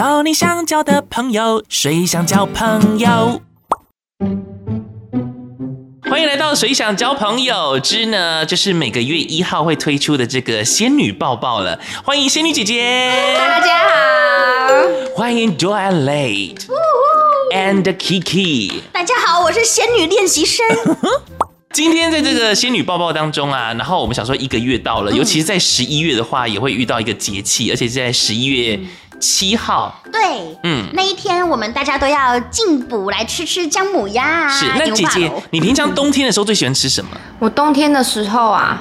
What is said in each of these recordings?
到你想交的朋友，誰想交朋友？歡迎來到《誰想交朋友》之呢，就是每個月一號會推出的這個仙女報報了。歡迎仙女姐姐，大家好。歡迎 Doanly and Kiki，大家好，我是仙女練習生。 今天在這個仙女報報當中啊，然後我們想說一個月到了，尤其是在十一月的話、嗯，也會遇到一個節氣，而且在十一月。嗯七號，對，嗯，那一天我們大家都要進補，來吃吃薑母鴨、啊。是，那姐姐，你平常冬天的時候最喜歡吃什麼？嗯、我冬天的時候啊，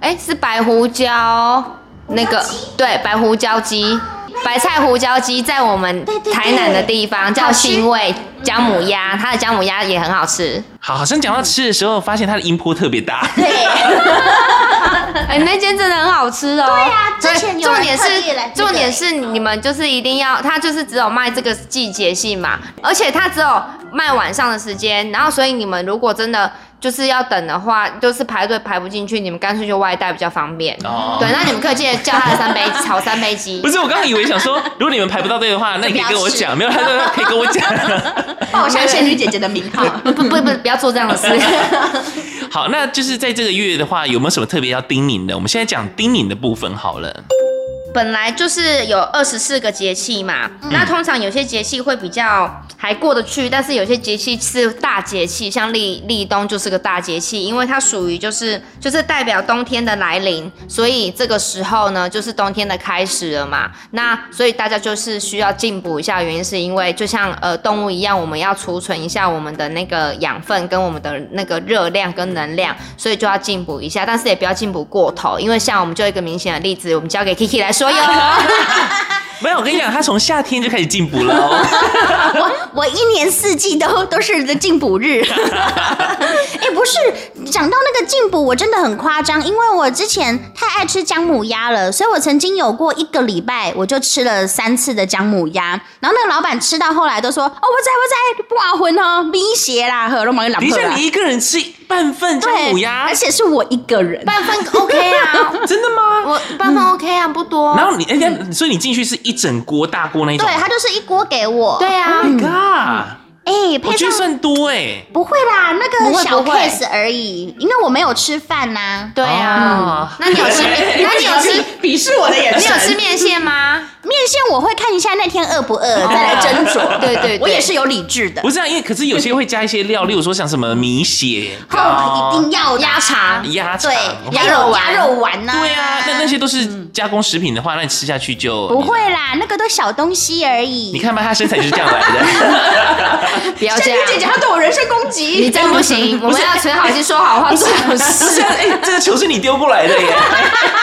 哎、欸，是白胡椒，胡椒那個，對，白胡椒雞、啊，白菜胡椒雞，在我們台南的地方對對對，叫腥味薑母鴨，它的薑母鴨也很好吃。好，好像講到吃的時候，嗯、發現它的音波特別大。對。 哎、欸，那間真的很好吃哦、喔。對呀、啊欸，重點是重點是你們就是一定要，他就是只有賣這個季節性嘛，而且他只有賣晚上的時間，然後所以你們如果真的就是要等的話，就是排隊排不進去，你們乾脆就外帶比較方便。哦、嗯。對，那你們可以記得叫他的三杯 炒三杯雞。不是，我剛剛以為想說，如果你們排不到隊的話，那你可以跟我講，沒有他說可以跟我講。報 我仙女姐姐的名號， 不不不不，不要做這樣的事。 好，那就是在這個月的話，有沒有什麼特別要叮嚀的？我們現在講叮嚀的部分好了。本來就是有二十四個節氣嘛，那通常有些節氣會比較還過得去，但是有些節氣是大節氣，像立立冬就是個大節氣，因為它屬於就是就是代表冬天的來臨，所以這個時候呢就是冬天的開始了嘛，那所以大家就是需要進補一下，原因是因為就像呃動物一樣，我們要儲存一下我們的那個養分跟我們的那個熱量跟能量，所以就要進補一下，但是也不要進補過頭，因為像我們就一個明顯的例子，我們交給 Kiki 來說。所有，沒有，我跟你講，他從夏天就開始進補了，哦。 我我一年四季都都是進補日。哎、 欸，不是，講到那個進補，我真的很誇張，因為我之前太愛吃薑母鴨了，所以我曾經有過一個禮拜，我就吃了三次的薑母鴨。然後那個老板吃到後來都說：“哦，我在我在，不好混哦，貧邪啦，喝肉麻又冷。”一下你一個人吃。 半份薑母鴨，而且是我一個人，半份 OK 啊？ 真的嗎？我半份 OK 啊，嗯、不多。然後你，哎、欸，所以你進去是一整鍋大鍋那一種？對，他就是一鍋給我。對啊、oh，My God！哎、嗯欸，我覺得算多哎、欸，不會啦，那個小 case 而已，因為我沒有吃飯吶、啊。對啊，oh, 嗯、那，你 那你有吃？ 那你有吃？鄙視我的眼神。你有吃麵線嗎？麵線我會看一下那天餓不餓，再來斟酌。對對，我也是有理智的。不是啊，因為可是有些會加一些料，例如說像什麼米血，一定要鴨腸、鴨對鴨肉丸、鴨肉丸呢、啊。對啊，那那些都是加工食品的話，那你吃下去就不會啦。那個都小東西而已。你看嘛，他身材就是這樣玩的。 不要這樣，仙女姐姐她對我人身攻擊，你這樣不行、欸不。我們要存好心說好話。是是是，哎、欸，這個球是你丟過來的耶。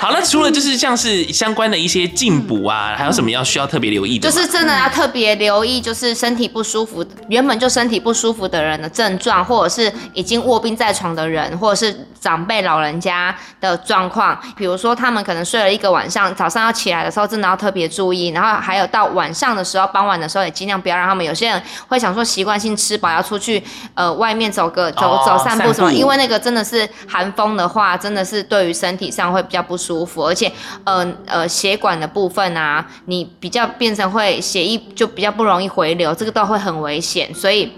好了，那除了就是像是相關的一些進補啊，嗯，還有什麼要需要特別留意的？就是真的要特別留意，就是身體不舒服，原本就身體不舒服的人的症狀，或者是已經臥病在床的人，或者是長輩老人家的狀況。比如說他們可能睡了一個晚上，早上要起來的時候，真的要特別注意。然後還有到晚上的時候，傍晚的時候也儘量不要讓他們。有些人會想說習慣性吃飽要出去，呃，外面走個走走散步，哦，散步什麼，因為那個真的是寒風的話，真的是對於身體上會比較不舒服。舒服，而且，呃呃，血管的部分啊，你比較變成會血液就比較不容易回流，這個都會很危險，所以。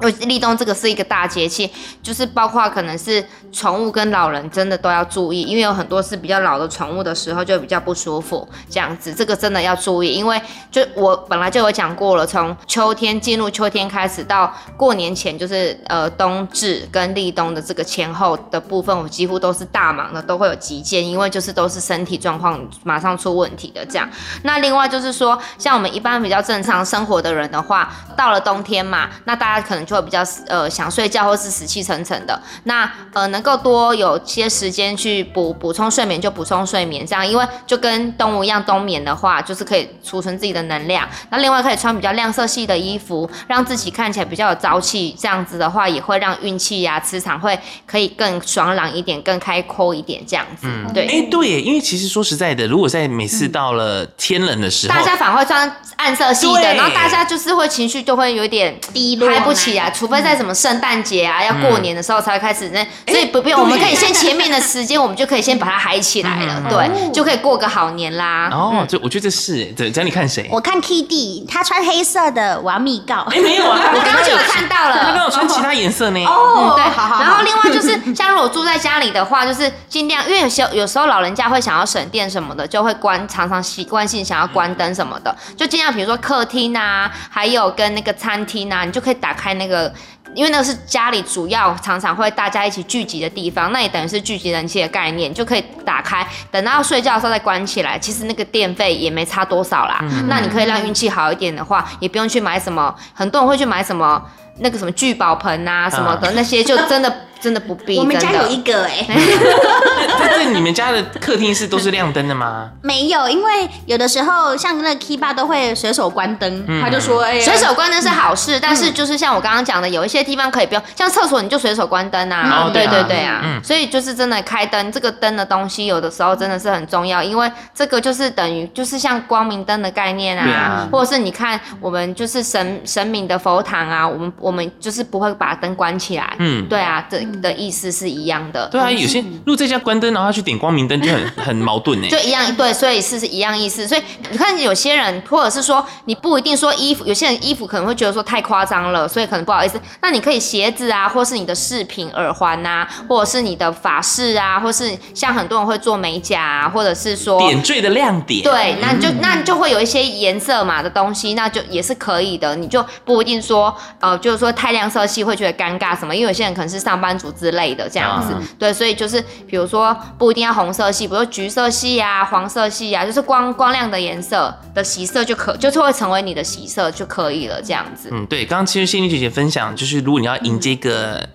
因為立冬這個是一個大節氣，就是包括可能是寵物跟老人真的都要注意，因為有很多是比較老的寵物的時候就比較不舒服，這樣子，這個真的要注意，因為就我本來就有講過了，從秋天進入秋天開始到過年前，就是呃冬至跟立冬的這個前後的部分，我幾乎都是大忙的，都會有急件，因為就是都是身體狀況馬上出問題的這樣。那另外就是說，像我們一般比較正常生活的人的話，到了冬天嘛，那大家可能。就會比較呃想睡覺或是死氣沉沉的，那呃能夠多有些時間去補補充睡眠就補充睡眠，這樣，因為就跟動物一樣冬眠的話，就是可以儲存自己的能量。那另外可以穿比較亮色系的衣服，讓自己看起來比較有朝氣，這樣子的話也會讓運氣呀磁場會可以更爽朗一點，更開闊一點這樣子。嗯、對。哎、欸、對，因為其實說實在的，如果在每次到了天冷的時候，嗯、大家反而會穿暗色系的，然後大家就是會情緒就會有點低落拍不起。啊、除非在什麼聖誕節啊、嗯，要過年的時候才會開始那，嗯、所以不用、欸，我們可以先前面的時間，我們就可以先把它嗨起來了，嗯、對、嗯對嗯，就可以過個好年啦。哦，就、嗯、我覺得這是，對，講你看誰？我看 K D，他穿黑色的，我要密告。哎、欸，沒有啊， 剛剛有我剛剛就有看到了，他剛剛有穿其他顏色呢。哦，嗯、對，好好、好。然後另外就是，像如果住在家裡的話，就是儘量， 因為有些有時候老人家會想要省電什麼的，就會關，常常習慣性想要關燈什麼的，嗯、就儘量比如說客廳啊，還有跟那個餐廳啊，你就可以打開、那個那個。因為那個是家裡主要常常會大家一起聚集的地方，那也等於是聚集人氣的概念，就可以打開，等到睡覺的時候再關起來。其實那個電費也沒差多少啦。嗯、那你可以讓運氣好一點的話、嗯，也不用去買什麼，嗯、很多人會去買什麼那個什麼聚寶盆啊什麼的、啊、那些，就真的、啊、真的不必。我們家有一個哎、欸。哈哈哈那你們家的客廳是都是亮燈的嗎？沒、嗯、有，因為有的時候像那個 K 爸都會隨手關燈，他就說哎，隨手關燈是好事、嗯，但是就是像我剛剛講的、嗯、有一些。地方可以不用，像廁所你就隨手關燈啊、嗯，對對對，對啊、嗯，所以就是真的開燈這個燈的東西，有的時候真的是很重要，因為這個就是等於就是像光明燈的概念啊，啊，或者是你看我們就是神神明的佛堂啊，我們我們就是不會把燈關起來，嗯，對啊，這、嗯、的意思是一樣的，對啊，有些如果在家關燈，然後去點光明燈就很很矛盾呢、欸。就一樣對，所以是是一樣意思，所以你看有些人或者是說你不一定說衣服，有些人衣服可能會覺得說太誇張了，所以可能不好意思，那。你可以鞋子啊，或是你的飾品、耳環呐、啊，或者是你的髮飾啊，或是像很多人會做美甲、啊，或者是說點綴的亮點。對，那你就那你就會有一些顏色嘛的東西，那就也是可以的。你就不一定說呃，就是說太亮色系會覺得尷尬什麼，因為有些人可能是上班族之類的這樣子。啊、對，所以就是比如說不一定要紅色系，比如說橘色系呀、啊、黃色系呀、啊，就是光光亮的顏色的喜色就可，就是會成為你的喜色就可以了這樣子。嗯，對，剛剛其實仙女姐姐分享就是。如果你要迎接一個、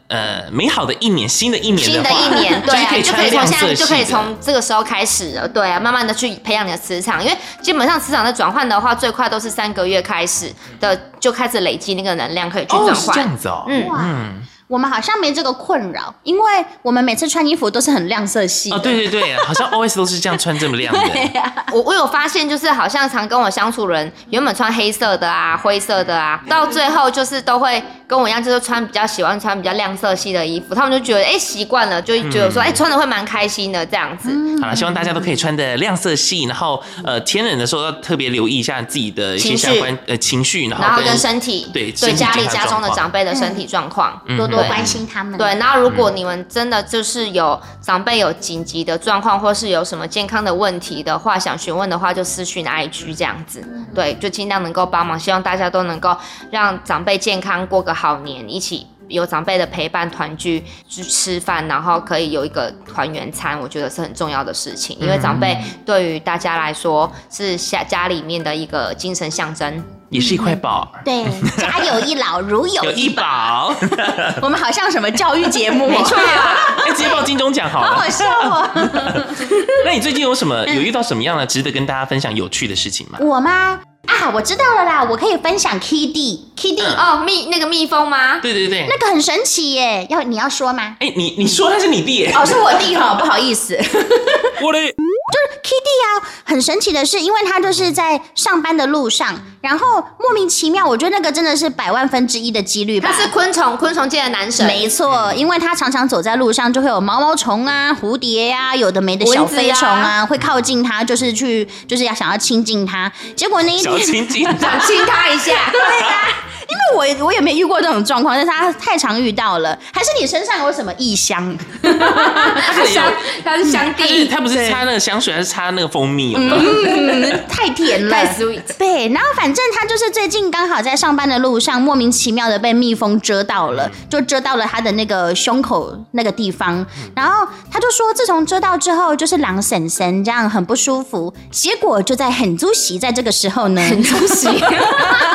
嗯、呃美好的一年，新的一年的，新的一年，對、啊，就是、可你就可以從現在就可以從這個時候開始了，對啊，慢慢的去培養你的磁場，因為基本上磁場的轉換的話，最快都是三個月開始的，就開始累積那個能量，可以去轉換。哦、是這樣子、哦、嗯，嗯我們好像沒這個困擾，因為我們每次穿衣服都是很亮色系、哦、對對對，好像 always 都是這樣穿這麼亮的。 啊、我我有發現，就是好像常跟我相處人，原本穿黑色的啊、灰色的啊，到最後就是都會。跟我一樣，就是穿比較喜歡穿比較亮色系的衣服，他們就覺得哎，習慣了，就覺得說哎、嗯嗯欸、穿的會蠻開心的這樣子。嗯嗯嗯嗯好了，希望大家都可以穿的亮色系，然後呃天冷的時候要特別留意一下自己的一些相關情緒呃情緒，然後跟身體對對，體對家裡家中的長輩的身體狀況、嗯、多多關心他們對嗯嗯嗯。對，然後如果你們真的就是有長輩有緊急的狀況，或是有什麼健康的問題的話，嗯嗯想詢問的話就私訊 IG 這樣子，對，就盡量能夠幫忙，希望大家都能夠讓長輩健康過個。好年一起有長輩的陪伴團聚去吃飯，然後可以有一個團圓餐，我覺得是很重要的事情。因為長輩對於大家來說是家家裡面的一個精神象徵、嗯，也是一塊寶、嗯。對， 家有一老，如有一有一寶。 我們好像什麼教育節目， 沒錯錯啊、 哎，直接報金鐘獎好了。好,好笑啊！ 那你最近有什麼有遇到什麼樣的值得跟大家分享有趣的事情嗎？我嗎？啊，我知道了啦，我可以分享 K D K D 哦。蜜那個蜜蜂嗎？對對對，那個很神奇耶，要你要說嗎？哎，你你說他是你弟耶。哦，是我弟哈，不好意思，我的。就是 Kitty 啊，很神奇的是，因為他就是在上班的路上，然後莫名其妙，我覺得那個真的是百萬分之一的幾率吧。他是昆蟲，昆蟲界的男神。沒錯，嗯、因為他常常走在路上，就會有毛毛蟲啊、蝴蝶呀、啊，有的沒的小飛蟲啊，啊會靠近他，就是去，就是要想要親近他。結果那一天，小親近， 親他一下， 對吧、啊？因為我我也沒遇過這種狀況，但是他太常遇到了，還是你身上有什麼異香？ 他是香，他是香精、嗯，就是。他不是擦那個香水，還是擦那個蜂蜜？有有，嗯嗯嗯、太甜了，太 sweet。對，然後反正他就是最近剛好在上班的路上，莫名其妙的被蜜蜂蟄到了，嗯、就蟄到了他的那個胸口那個地方，然後他就說，自從蟄到之後，就是狼嬸嬸這樣很不舒服。結果就在很豬喜，在這個時候呢，很豬喜。 對，他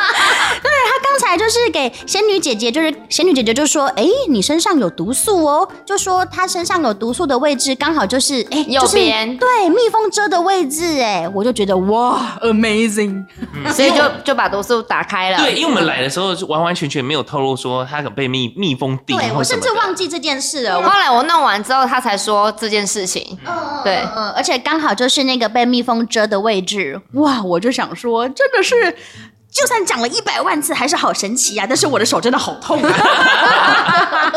剛。就是給仙女姐姐，就是仙女姐、姐姐就說：“哎、欸，你身上有毒素哦。”就說她身上有毒素的位置，剛好就是哎，右、欸、邊、就是、對蜜蜂蟄的位置。哎，我就覺得哇，amazing！嗯、所以就就把毒素打開了。 對，因為我們來的時候就完完全全沒有透露說她可被蜜蜜蜂叮或的、嗯。我甚至忘記這件事了。嗯、後來我弄完之後，她才說這件事情。嗯、對，而且剛好就是那個被蜜蜂蟄的位置。哇，我就想說，真的是。就算講了一百萬次，還是好神奇呀、啊！但是我的手真的好痛、啊。哈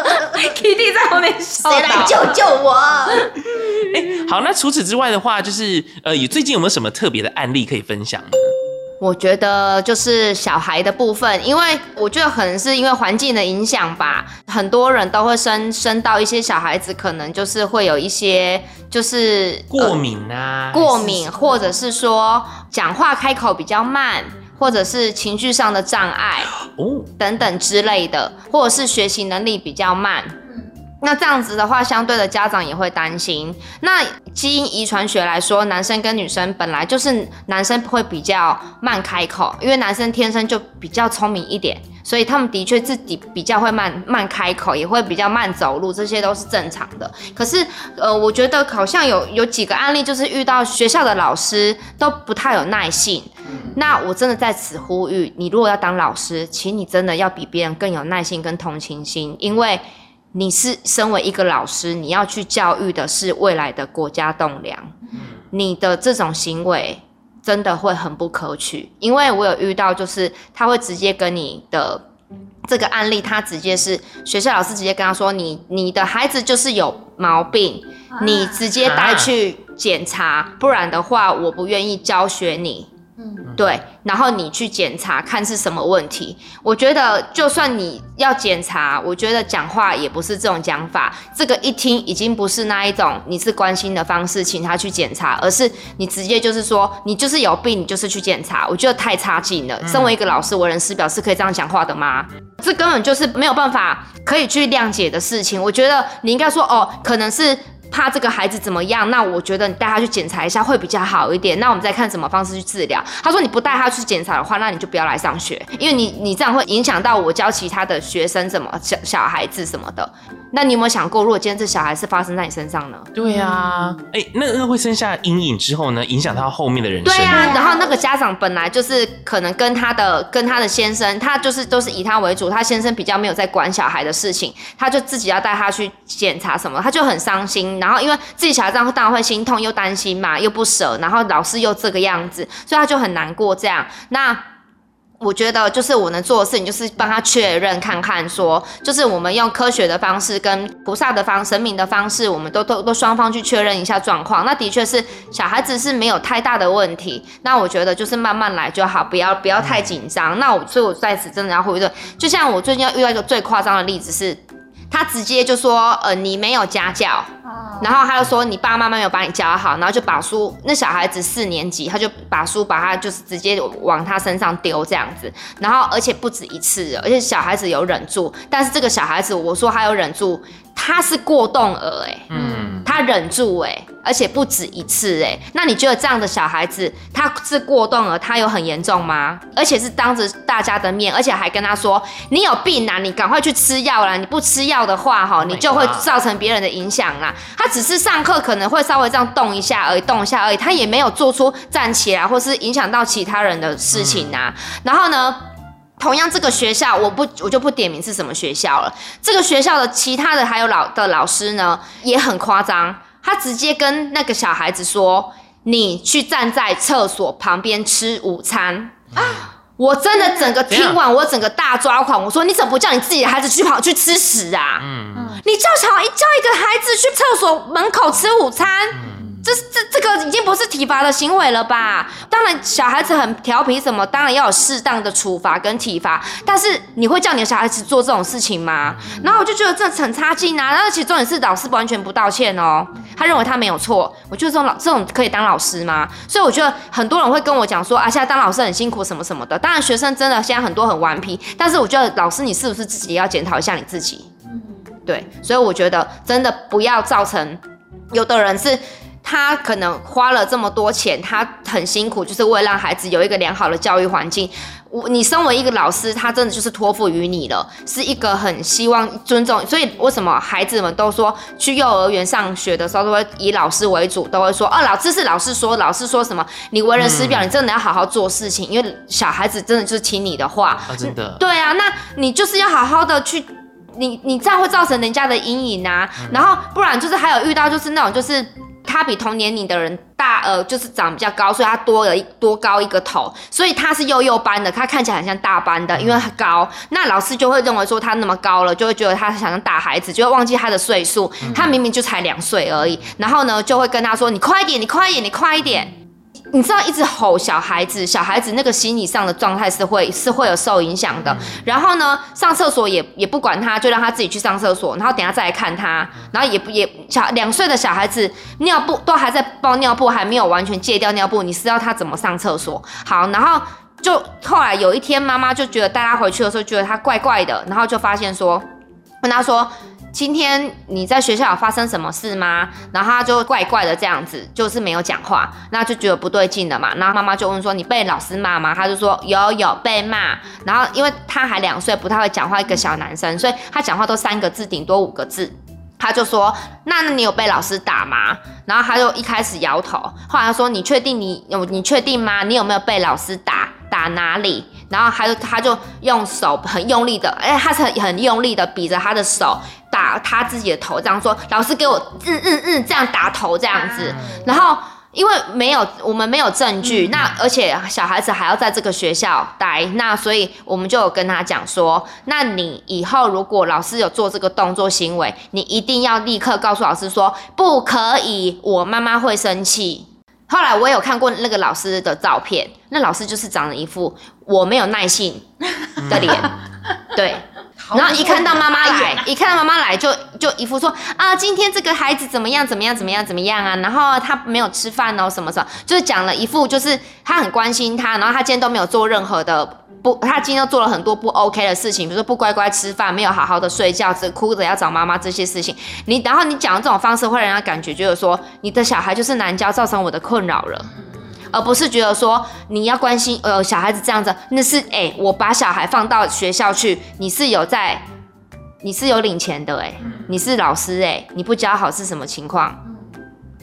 Kitty 在後面誰來救救我、 欸？好，那除此之外的話，就是呃，也最近有沒有什麼特別的案例可以分享呢？我覺得就是小孩的部分，因為我覺得可能是因為環境的影響吧，很多人都會生生到一些小孩子，可能就是會有一些就是、呃、過敏啊，過敏，或者是說講話開口比較慢。或者是情緒上的障礙，等等之類的，或者是學習能力比較慢。那這樣子的話，相對的家長也會擔心。那基因遺傳學來說，男生跟女生本來就是男生會比較慢開口，因為男生天生就比較聰明一點，所以他們的確自己比較會慢慢開口，也會比較慢走路，這些都是正常的。可是，呃，我覺得好像有有幾個案例，就是遇到學校的老師都不太有耐性。那我真的在此呼籲，你如果要當老師，請你真的要比別人更有耐心跟同情心，因為，你是身為一個老師，你要去教育的是未來的國家棟梁。嗯，你的這種行為真的會很不可取。因為我有遇到，就是他會直接跟你的這個案例，他直接是學校老師直接跟他說，你你的孩子就是有毛病，啊，你直接帶去檢查，啊，不然的話，我不願意教學你。嗯，對，然後你去檢查看是什麼問題。我覺得就算你要檢查，我覺得講話也不是這種講法。這個一聽已經不是那一種你是關心的方式，請他去檢查，而是你直接就是說你就是有病，你就是去檢查。我覺得太差勁了。嗯、身為一個老師，為人師表是可以這樣講話的嗎？這根本就是沒有辦法可以去諒解的事情。我覺得你應該說哦，可能是。怕這個孩子怎麼樣？那我覺得你帶他去檢查一下會比較好一點，那我們再看什麼方式去治療。他說你不帶他去檢查的話，那你就不要來上學，因為你你這樣會影響到我教其他的學生什麼小小孩子什麼的。那你有沒有想過，如果今天這小孩是發生在你身上呢？對呀、啊，哎、欸，那個會生下陰影之後呢，影響他後面的人生。對呀、啊，然後那個家長本來就是可能跟他的跟他的先生，他就是都、就是以他為主，他先生比較沒有在管小孩的事情，他就自己要帶他去檢查什麼，他就很傷心。然後因為自己小孩這樣，當然會心痛，又擔心嘛，又不舍，然後老師又這個樣子，所以他就很難過這樣。那。我覺得就是我能做的事情，就是幫他確認看看說，說就是我們用科學的方式跟菩薩的方、神明的方式，我們都都都雙方去確認一下狀況。那的確是小孩子是沒有太大的問題。那我覺得就是慢慢來就好，不要不要太緊張。那我所以我在此真的要呼籲，就像我最近要遇到一個最誇張的例子是，他直接就說：“呃，你沒有家教。”然後他又說，你爸爸媽媽沒有把你教好，然後就把書，那小孩子四年級，他就把書把他就是直接往他身上丟這樣子，然後而且不止一次，而且小孩子有忍住，但是這個小孩子我說他有忍住。他是過動兒，哎，嗯，他忍住，欸，哎，而且不止一次，欸，哎，那你覺得這樣的小孩子他是過動兒，他有很嚴重嗎？而且是當着大家的面，而且還跟他說，你有病啊，你趕快去吃藥啦。」你不吃藥的話，哈，你就會造成別人的影響啦，啊。他只是上課可能會稍微這樣動一下而已，動一下而已，他也沒有做出站起來或是影響到其他人的事情啊。嗯、然後呢？同樣，這個學校我不我就不點名是什麼學校了。這個學校的其他的還有老的老師呢，也很誇張。他直接跟那個小孩子說：“你去站在廁所旁邊吃午餐、嗯、啊！”我真的整個聽完，我整個大抓狂。我說：“你怎麼不叫你自己的孩子去跑去吃屎啊、嗯？你叫小叫一個孩子去廁所門口吃午餐？”嗯這這這個已經不是體罰的行為了吧？當然，小孩子很調皮，什麼當然要有適當的處罰跟體罰。但是你會叫你的小孩子做這種事情嗎？然後我就覺得這很差勁啊！然後其中也是老師完全不道歉哦，他認為他沒有錯。我覺得這種老這種可以當老師嗎？所以我覺得很多人會跟我講說啊，現在當老師很辛苦什麼什麼的。當然，學生真的現在很多很頑皮，但是我覺得老師你是不是自己也要檢討一下你自己？嗯，對。所以我覺得真的不要造成有的人是。他可能花了這麼多錢，他很辛苦，就是為了讓孩子有一個良好的教育環境。我，你身為一個老師，他真的就是托付於你了，是一個很希望尊重。所以為什麼孩子們都說去幼兒園上學的時候都會以老師為主，都會說，哦、啊，老師是老師說，老師說什麼，你為人師表、嗯，你真的要好好做事情，因為小孩子真的就是聽你的話，啊、真的、嗯。對啊，那你就是要好好的去，你你這樣會造成人家的陰影啊、嗯。然後不然就是還有遇到就是那種就是。他比同年齡的人大，呃，就是長比較高，所以他多了一多高一個頭，所以他是幼幼班的，他看起來很像大班的，因為很高，嗯、那老師就會認為說他那麼高了，就會覺得他很像大孩子，就會忘記他的歲數、嗯，他明明就才兩歲而已，然後呢，就會跟他說：“你快點，你快點，你快一點，一點。”你知道一直吼小孩子，小孩子那個心理上的狀態是會是會有受影響的。然後呢，上廁所也也不管他，就讓他自己去上廁所。然後等下再來看他，然後也不也小兩歲的小孩子尿布都還在包尿布，還沒有完全戒掉尿布，你是要他怎麼上廁所？好，然後就後來有一天，媽媽就覺得帶他回去的時候，覺得他怪怪的，然後就發現說，問他說。今天你在學校有發生什麼事嗎？然後他就怪怪的這樣子，就是沒有講話，那就覺得不對勁了嘛。然後媽媽就問說：“你被老師罵嗎？”他就說：“有有被罵。”然後因為他還兩歲，不太會講話，一個小男生，所以他講話都三個字頂多五個字。他就說：“那你有被老師打嗎？”然後他就一開始搖頭，後來他說：“你確定你有？你確定嗎？你有沒有被老師打？打哪裡？”然後他就他就用手很用力的，誒、欸、他是很，很用力的，比着他的手打他自己的頭，這樣說，老師給我，嗯嗯嗯，這樣打頭這樣子。然後因為沒有我們沒有證據、嗯，那而且小孩子還要在這個學校待，那所以我們就有跟他講說，那你以後如果老師有做這個動作行為，你一定要立刻告訴老師說不可以，我媽媽會生氣。後來我也有看過那個老師的照片，那老師就是長了一副我沒有耐性的臉， 對。然後一看到媽媽來，一看到媽媽來就就一副說啊，今天這個孩子怎麼樣怎麼樣怎麼樣怎麼樣啊？然後他沒有吃飯哦，什麼什麼，就是講了一副就是他很關心他，然後他今天都沒有做任何的不，他今天都做了很多不 OK 的事情，比如說不乖乖吃飯，沒有好好的睡覺，只哭着要找媽媽這些事情。你然後你講的這種方式會讓人家感覺就是說你的小孩就是難教，造成我的困擾了。而不是覺得說你要關心，呃，小孩子這樣子，那是哎、欸、我把小孩放到學校去，你是有在，你是有領錢的哎、欸，你是老師哎、欸，你不教好是什麼情況？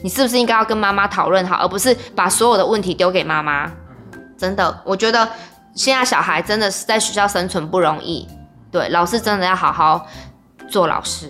你是不是應該要跟媽媽討論好，而不是把所有的問題丟給媽媽？真的，我覺得現在小孩真的是在學校生存不容易，對，老師真的要好好做老師，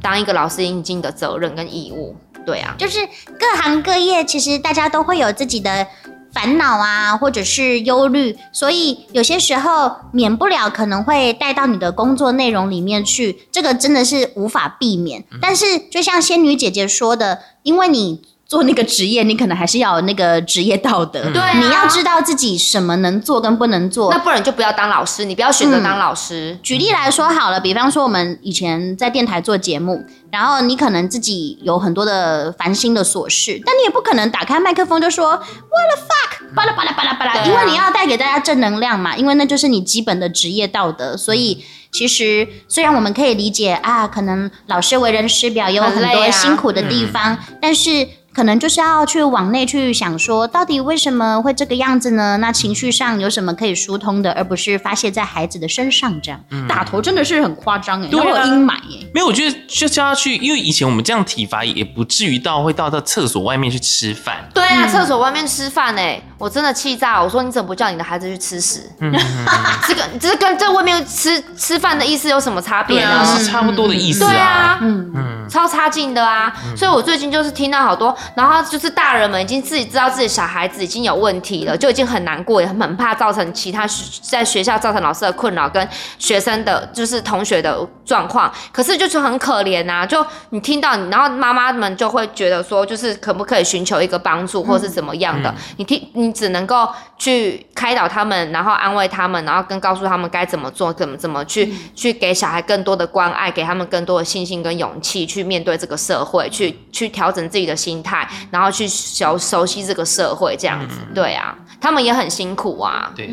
當一個老師應盡的責任跟義務。對啊，就是各行各業，其實大家都會有自己的煩惱啊，或者是憂慮，所以有些時候免不了可能會帶到你的工作內容裡面去，這個真的是無法避免。但是就像仙女姐姐說的，因為你。做那個職業，你可能還是要有那個職業道德。對啊，你要知道自己什麼能做跟不能做。那不然就不要當老師，你不要選擇當老師。嗯，舉例來說好了，比方說我們以前在電台做節目，然後你可能自己有很多的煩心的瑣事，但你也不可能打開麥克風就說 What the fuck，巴拉巴拉巴拉巴拉，因為你要帶給大家正能量嘛，因為那就是你基本的職業道德。所以其實雖然我們可以理解啊，可能老師為人師表也有很多辛苦的地方，啊嗯，但是。可能就是要去往內去想說，說到底為什麼會這個樣子呢？那情緒上有什麼可以疏通的，而不是發泄在孩子的身上這樣。嗯，打頭真的是很誇張誒，都有陰霾哎、欸。沒有，我覺得就是要去，因為以前我們這樣體罰也不至於到會到到廁所外面去吃飯。對啊、嗯，廁所外面吃飯誒、欸我真的氣炸！我說你怎麼不叫你的孩子去吃屎、嗯嗯？ 這個這跟在外面吃吃飯的意思有什麼差別呢、啊？是差不多的意思。對啊，嗯啊嗯，超差勁的啊、嗯！所以我最近就是聽到好多，然後就是大人們已經自己知道自己小孩子已經有問題了，就已經很難過，也很怕造成其他學在學校造成老師的困擾跟學生的就是同學的狀況。可是就是很可憐啊！就你聽到，你，然後媽媽們就會覺得說，就是可不可以尋求一個幫助、嗯，或是怎麼樣的？嗯、你聽你。只能夠去開導他們，然後安慰他們，然後跟告訴他們該怎麼做，怎麼怎麼去、嗯、去給小孩更多的關愛，給他們更多的信心跟勇氣去面對這個社會，去去調整自己的心態，然後去熟熟悉這個社會，這樣子、嗯。對啊，他們也很辛苦啊。對，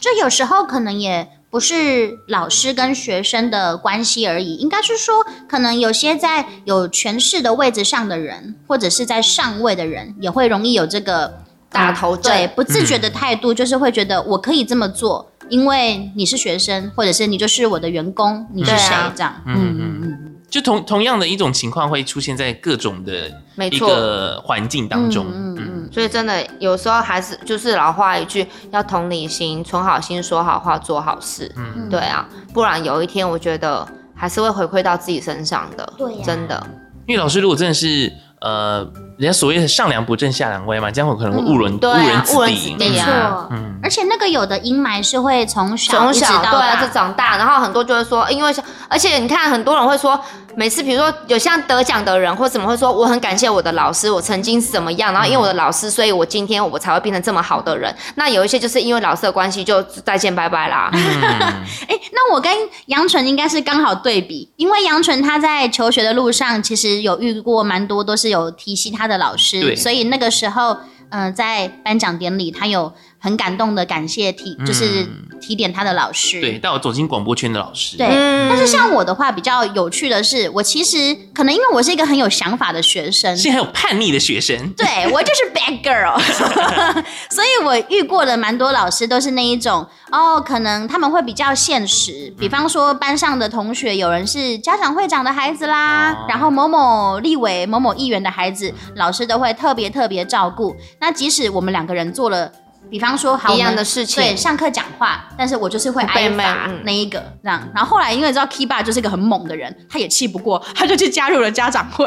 這、嗯、有時候可能也不是老師跟學生的關係而已，應該是說，可能有些在有權勢的位置上的人，或者是在上位的人，也會容易有這個。打、嗯、頭對,對不自覺的態度就是會覺得我可以這麼做，嗯、因為你是學生、嗯，或者是你就是我的員工，嗯、你是誰？這樣，嗯嗯嗯，就同同樣的一種情況會出現在各種的，一個環境當中，嗯嗯嗯。所以真的有時候還是就是老話一句，要同理心，存好心，說好話，做好事，嗯，對啊，不然有一天我覺得還是會回饋到自己身上的，對、啊，真的、嗯。因為老師如果真的是呃。人家所謂的“上梁不正下梁歪”嘛，這樣會可能會誤人誤、嗯啊、子弟誤人子弟。沒錯、啊啊，嗯，而且那個有的陰霾是會從小從小到大、啊、就長大，然後很多就是說，因為而且你看，很多人會說，每次比如說有像得獎的人或怎麼會說，我很感謝我的老師，我曾經是怎麼樣，然後因為我的老師，所以我今天我才會變得這麼好的人。那有一些就是因為老師的關係，就再見拜拜啦。哈、嗯、哈。哎、 欸，那我跟楊純應該是剛好對比，因為楊純她在求學的路上其實有遇過蠻多都是有提攜她。的老師對，所以那個時候，嗯、呃，在頒獎典禮，他有。很感動的，感謝提就是提點他的老師，帶、嗯、我走進廣播圈的老師。對、嗯，但是像我的話，比較有趣的是，我其實可能因為我是一個很有想法的學生，是很有叛逆的學生。對，我就是 bad girl， 所以我遇過的蠻多老師，都是那一種哦，可能他們會比較現實。比方說，班上的同學有人是家長會長的孩子啦、哦，然後某某立委、某某議員的孩子，老師都會特別特別照顧。那即使我們兩個人做了。比方說，好，一樣的事情，對，上課講話，但是我就是會挨罰那一個這樣。然後後來，因為知道 Key 爸就是一個很猛的人，他也氣不過，他就去加入了家長會。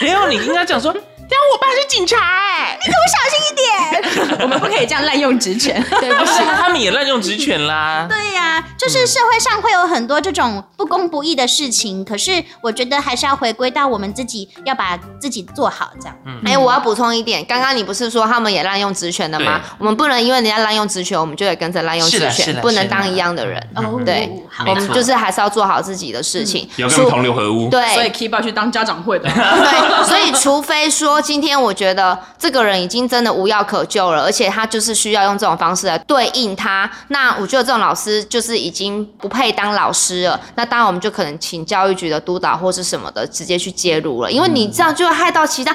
沒、嗯、有、 哎，你應該講說。 但我爸是警察、欸，哎，你怎麼小心一點？ 我們不可以這樣濫用職權。 對吧，不 是他們也濫用職權啦？ 對呀、啊，就是社會上會有很多這種不公不義的事情，嗯、可是我覺得還是要回歸到我們自己要把自己做好，這樣。嗯。哎、欸，我要補充一點，剛剛你不是說他們也濫用職權的嗎？我們不能因為人家濫用職權，我們就得跟着濫用職權，不能當一樣的人。的哦，嗯、對、嗯，我們就是還是要做好自己的事情。嗯嗯、要跟他們同流合污？對。所以 KIKI 去當家長會的。 對，所以除非說。今天我覺得這個人已經真的無藥可救了，而且他就是需要用這種方式來對應他。那我覺得這種老師就是已經不配當老師了。那當然，我們就可能請教育局的督導或是什麼的直接去介入了，因為你這樣就會害到其他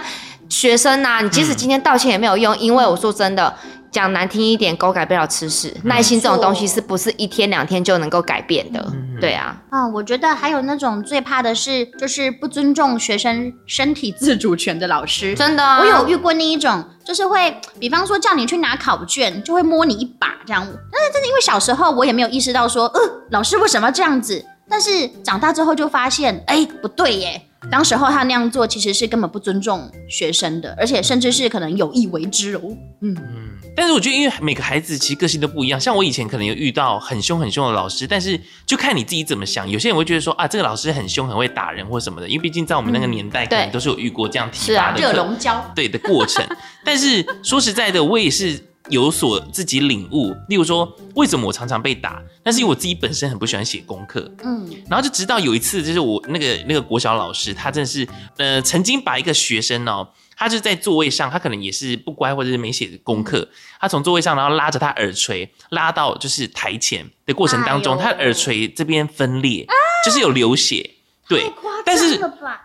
學生吶啊。你即使今天道歉也沒有用，因為我說真的。講難聽一點，狗改不了吃屎。耐心這種東西是不是一天兩天就能夠改變的？嗯、對啊。啊、嗯，我覺得還有那種最怕的是，就是不尊重學生身體自主權的老師。真的、哦，我有遇過那一種，就是會，比方說叫你去拿考卷，就會摸你一把這樣。但是真的因為小時候我也沒有意識到說，呃，老師為什麼這樣子？但是長大之後就發現，哎、欸，不對耶。當時候他那樣做，其實是根本不尊重學生的，而且甚至是可能有意為之哦。嗯，嗯，但是我覺得，因為每個孩子其實個性都不一樣，像我以前可能有遇到很凶很凶的老師，但是就看你自己怎麼想。有些人會覺得說啊，這個老師很凶，很會打人或什麼的，因為畢竟在我們那個年代，嗯，可能都是有遇過這樣體罰的。熱熔膠。對，的過程， 但是說實在的，我也是。有所自己領悟，例如說為什麼我常常被打？但是因為我自己本身很不喜歡寫功課，嗯，然後就直到有一次就是我那個那個國小老師，他真的是，呃，曾經把一個學生哦、喔，他就在座位上，他可能也是不乖或者是沒寫功課、嗯，他從座位上然後拉着他耳垂，拉到就是台前的過程當中，哎、他耳垂這邊分裂、啊，就是有流血。對，但是，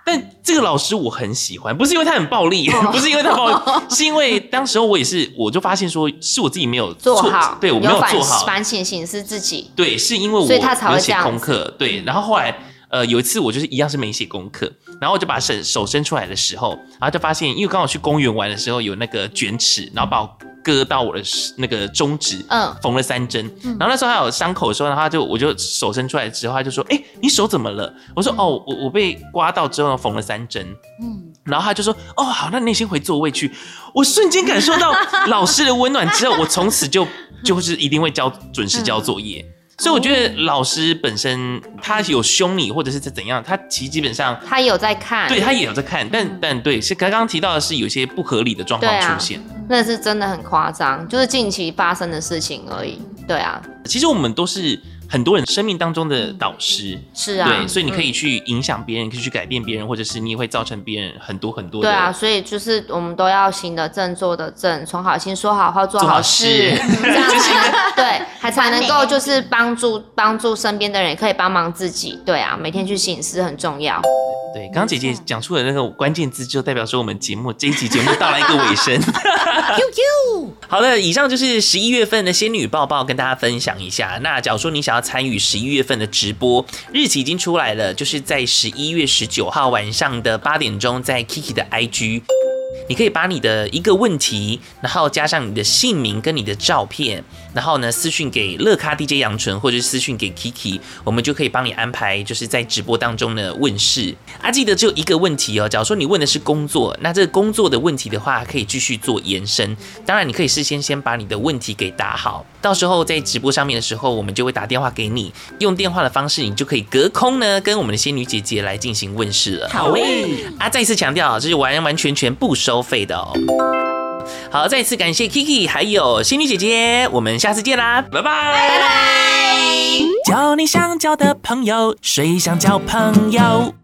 但這個老師我很喜歡，不是因為他很暴力，oh. 不是因為他暴力，oh. 是因為當時候我也是，我就發現說是我自己沒有做好，對我沒有做好有反省是自己。對，是因為我沒有寫功課。對，然後後來呃有一次我就是一樣是沒寫功課，然後我就把手手伸出來的時候，然後就發現因為剛好去公園玩的時候有那個卷尺，然後把我，割到我的那個中指，嗯、哦，縫了三針、嗯。然後那時候還有傷口的時候，然後他就我就手伸出來之後，他就說：“哎、欸，你手怎麼了？”我說：“嗯、哦，我我被刮到之後縫了三針。”嗯，然後他就說：“哦，好，那你先回座位去。”我瞬間感受到老師的溫暖之後，嗯、 我從此就就是一定會交準時交作業。嗯所以我覺得老師本身他有凶你，或者是怎樣，他其實基本上他有在看，對，他也有在看，但但，對是剛剛提到的是有一些不合理的狀況出現。對啊，那是真的很誇張，就是近期發生的事情而已，對啊，其實我們都是。很多人生命當中的導師、嗯、是啊，對，所以你可以去影響別人，嗯、可以去改變別人，或者是你也會造成別人很多很多。對啊，所以就是我們都要行得正，正，坐得正，從好心說好話，做好事， 對，還才能夠就是幫助幫助身邊的人，可以幫忙自己。對啊，每天去行善很重要。對，剛剛姐姐講出的那個關鍵字，就代表說我們節目這一集節目到了一個尾聲。 好的，以上就是十一月份的仙女報報，跟大家分享一下。那假如說你想要參與十一月份的直播，日期已經出來了，就是在十一月十九號晚上的八點鐘，在 Kiki 的 IG。你可以把你的一個問題，然後加上你的姓名跟你的照片，然後呢私訊給樂咖 DJ 楊淳，或者是私訊給 Kiki，我們就可以幫你安排，就是在直播當中呢問事。啊，記得只有一個問題哦。假如說你問的是工作，那這個工作的問題的話，可以繼續做延伸。當然，你可以事先先把你的問題給打好，到時候在直播上面的時候，我們就會打電話給你，用電話的方式，你就可以隔空呢跟我們的仙女姐姐來進行問事了。好嘞啊，再次強調哦，這、就是完完全全不說。收費的哦、喔，好，再次感謝 Kiki 還有仙女姐姐，我們下次見啦，拜拜拜拜。交你想交的朋友，誰想交朋友？